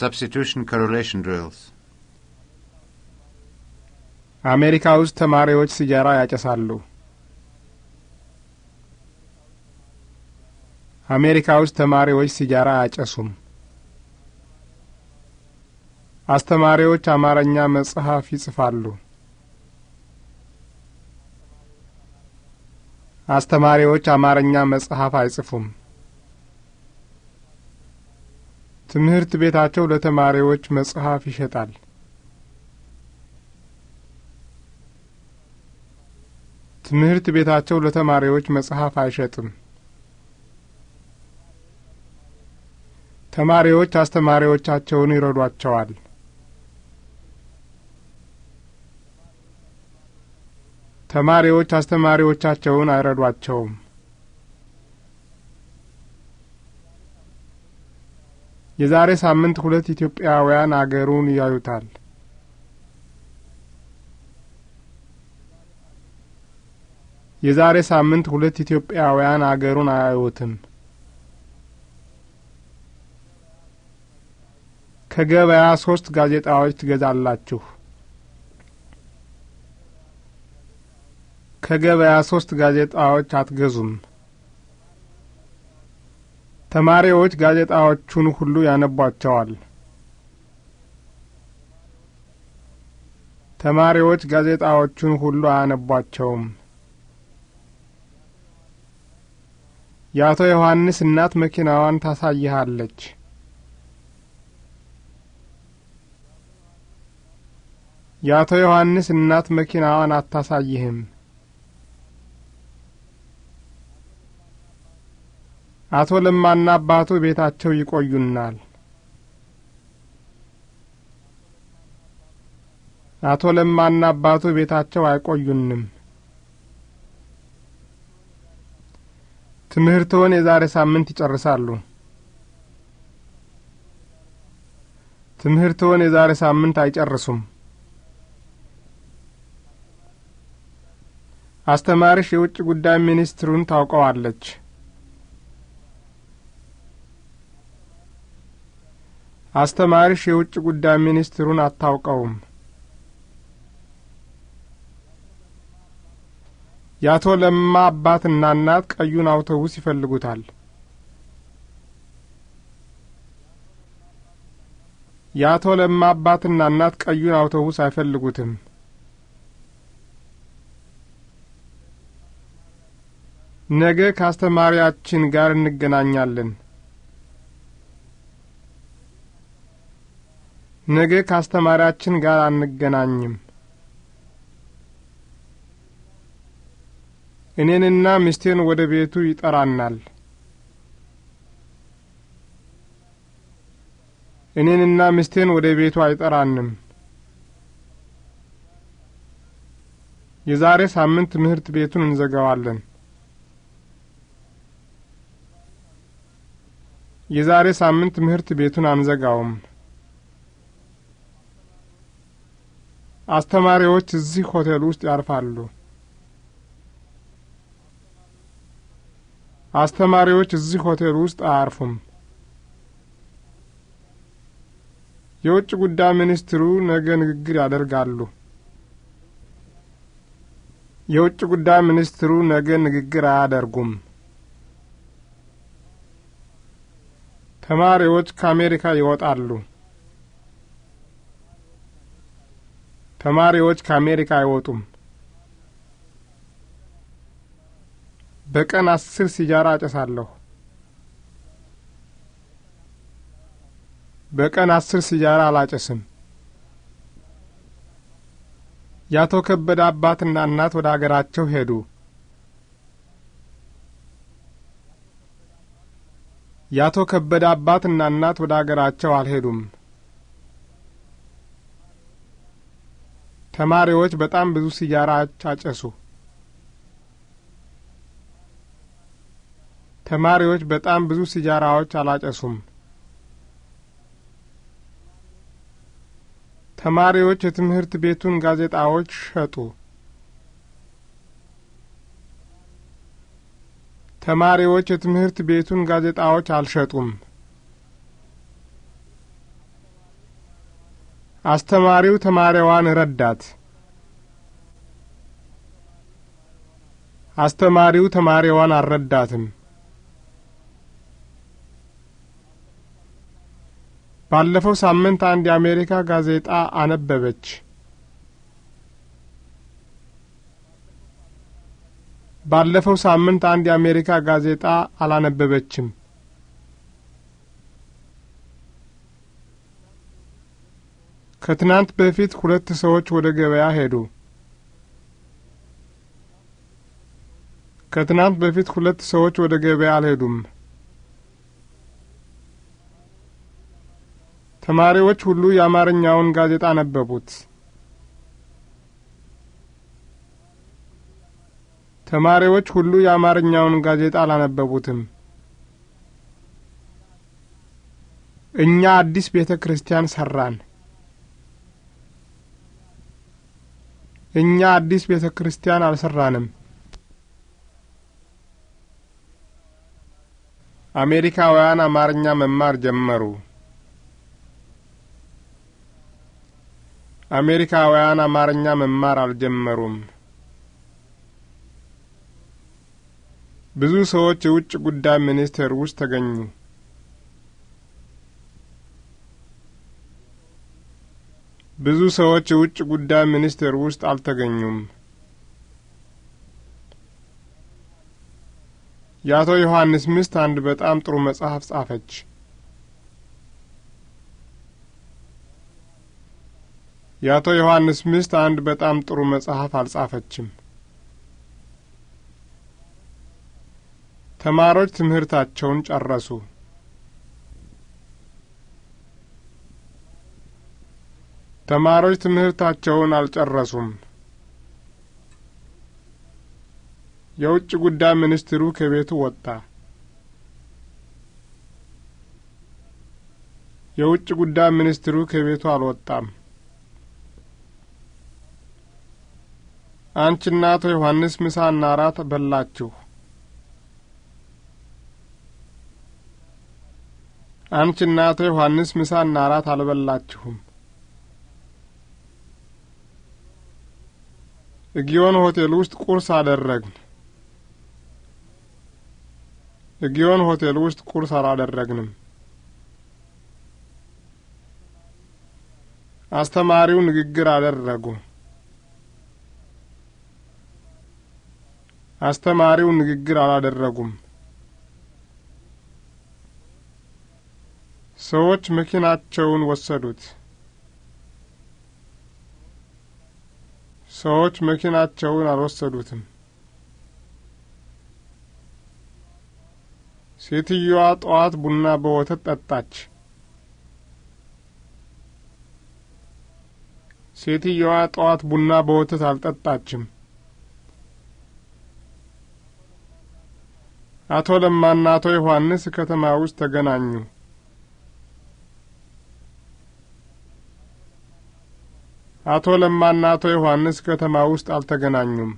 Substitution correlation drills. አሜሪካ ውስጥ ተማሪዎች ሲጃራ ያጨሳሉ። አሜሪካ ውስጥ ተማሪዎች ሲጃራ አያጨሱም። አስተማሪዎች አማርኛ መጽሐፍ ይጽፋሉ። አስተማሪዎች አማርኛ መጽሐፍ አይጽፉም። ትምህርት ቤታቸው ለተማሪዎች መጽሐፍ ይሸጣል። ትምህርት ቤታቸው ለተማሪዎች መጽሐፍ አይሸጥም። ተማሪዎች አስተማሪዎቻቸውን ይረዷቸዋል። ተማሪዎች አስተማሪዎቻቸውን አይረዷቸውም። የዛሬ ሳምንት ሁለት ኢትዮጵያውያን አገሩን ያዩታል። የዛሬ ሳምንት ሁለት ኢትዮጵያውያን አገሩን አያዩትም። ከገበያ ሶስት ጋዜጣዎች ትገዛላችሁ። ከገበያ ሶስት ጋዜጣዎች አትገዙም። ተማሪዎች ጋዜጣዎቹን ሁሉ ያነቧቸዋል። ተማሪዎች ጋዜጣዎቹን ሁሉ አያነቧቸውም። የአቶ ዮሐንስ እናት መኪናዋን ታሳይሃለች። የአቶ ዮሐንስ እናት መኪናዋን አታሳይህም። አቶ ለማና አባቱ ቤታቸው ይቆዩናል። አቶ ለማና አባቱ ቤታቸው አይቆዩንም። ትምህርትዎን የዛሬ ሳምንት ይጨርሳሉ። ትምህርትዎን የዛሬ ሳምንት አይጨርሱም። አስተማሪሽ የውጭ ጉዳይ ሚኒስትሩን ታውቀዋለች። አስተማሪሽ የውጭ ጉዳይ ሚኒስትሩን አታውቀውም። የአቶ ለማ አባትና እናት ቀዩን አውቶቡስ ይፈልጉታል። የአቶ ለማ አባትና እናት ቀዩን አውቶቡስ አይፈልጉትም። ነገ ከአስተማሪያችን ጋር እንገናኛለን። ነገ ከአስተማሪያችን ጋር አንገናኝም። እኔንና ሚስቴን ወደ ቤቱ ይጠራናል። እኔንና ሚስቴን ወደ ቤቱ አይጠራንም። የዛሬ ሳምንት ትምህርት ቤቱን እንዘጋዋለን። የዛሬ ሳምንት ትምህርት ቤቱን አንዘጋውም። አስተማሪዎች እዚህ ሆቴል ውስጥ ያርፋሉ። አስተማሪዎች እዚህ ሆቴል ውስጥ አያርፉም። የውጭ ጉዳይ ሚኒስትሩ ነገ ንግግር ያደርጋሉ። የውጭ ጉዳይ ሚኒስትሩ ነገ ንግግር አያደርጉም። ተማሪዎች ከአሜሪካ ይወጣሉ። ተማሪዎች ከአሜሪካ አይወጡም። በቀን አስር ሲጃራ አጨሳለሁ። በቀን አስር ሲጃራ አላጨስም። የአቶ ከበደ አባትና እናት ወደ አገራቸው ሄዱ። የአቶ ከበደ አባትና እናት ወደ አገራቸው አልሄዱም። ተማሪዎች በጣም ብዙ ሲጋራ አጨሱ። ተማሪዎች በጣም ብዙ ሲጋራዎች አላጨሱም። ተማሪዎች የትምህርት ቤቱን ጋዜጣዎች ሸጡ። ተማሪዎች የትምህርት ቤቱን ጋዜጣዎች አልሸጡም። አስተማሪው ተማሪዋን ረዳት። አስተማሪው ተማሪዋን አልረዳትም። ባለፈው ሳምንት አንድ የአሜሪካ ጋዜጣ አነበበች። ባለፈው ሳምንት አንድ የአሜሪካ ጋዜጣ አላነበበችም። ከትናንት በፊት ሁለት ሰዎች ወደ ገበያ ሄዱ። ከትናንት በፊት ሁለት ሰዎች ወደ ገበያ አልሄዱም። ተማሪዎች ሁሉ የአማርኛውን ጋዜጣ አነበቡት። ተማሪዎች ሁሉ የአማርኛውን ጋዜጣ አላነበቡትም። እኛ አዲስ ቤተ ክርስቲያን ሰራን። እኛ አዲስ ቤተ ክርስቲያን አልሰራንም። አሜሪካውያን አማርኛ መማር ጀመሩ። አሜሪካውያን አማርኛ መማር አልጀመሩም። ብዙ ሰዎች የውጭ ጉዳይ ሚኒስቴር ውስጥ ተገኙ። ብዙ ሰዎች የውጭ ጉዳይ ሚኒስቴር ውስጥ አልተገኙም። የአቶ ዮሐንስ ሚስት አንድ በጣም ጥሩ መጽሐፍ ጻፈች። የአቶ ዮሐንስ ሚስት አንድ በጣም ጥሩ መጽሐፍ አልጻፈችም። ተማሪዎች ትምህርታቸውን ጨረሱ። ተማሪዎች ትምህርታቸውን አልጨረሱም። የውጭ ጉዳይ ሚኒስትሩ ከቤቱ ወጣ። የውጭ ጉዳይ ሚኒስትሩ ከቤቱ አልወጣም። አንቺና አቶ ዮሐንስ ምሳና እራት በላችሁ። አንቺና አቶ ዮሐንስ ምሳና እራት አልበላችሁም። ጊዮን ሆቴል ውስጥ ቁርስ አደረግን። ጊዮን ሆቴል ውስጥ ቁርስ አላደረግንም። አስተማሪው ንግግር አደረጉ። አስተማሪው ንግግር አላደረጉም። ሰዎች መኪናቸውን ወሰዱት። ሰዎች መኪናቸውን አልወሰዱትም። ሴትየዋ ጠዋት ቡና በወተት ጠጣች። ሴትየዋ ጠዋት ቡና በወተት አልጠጣችም። አቶ ለማና አቶ ዮሐንስ ከተማ ውስጥ ተገናኙ። አቶ ለማና አቶ ዮሐንስ ከተማ ውስጥ አልተገናኙም።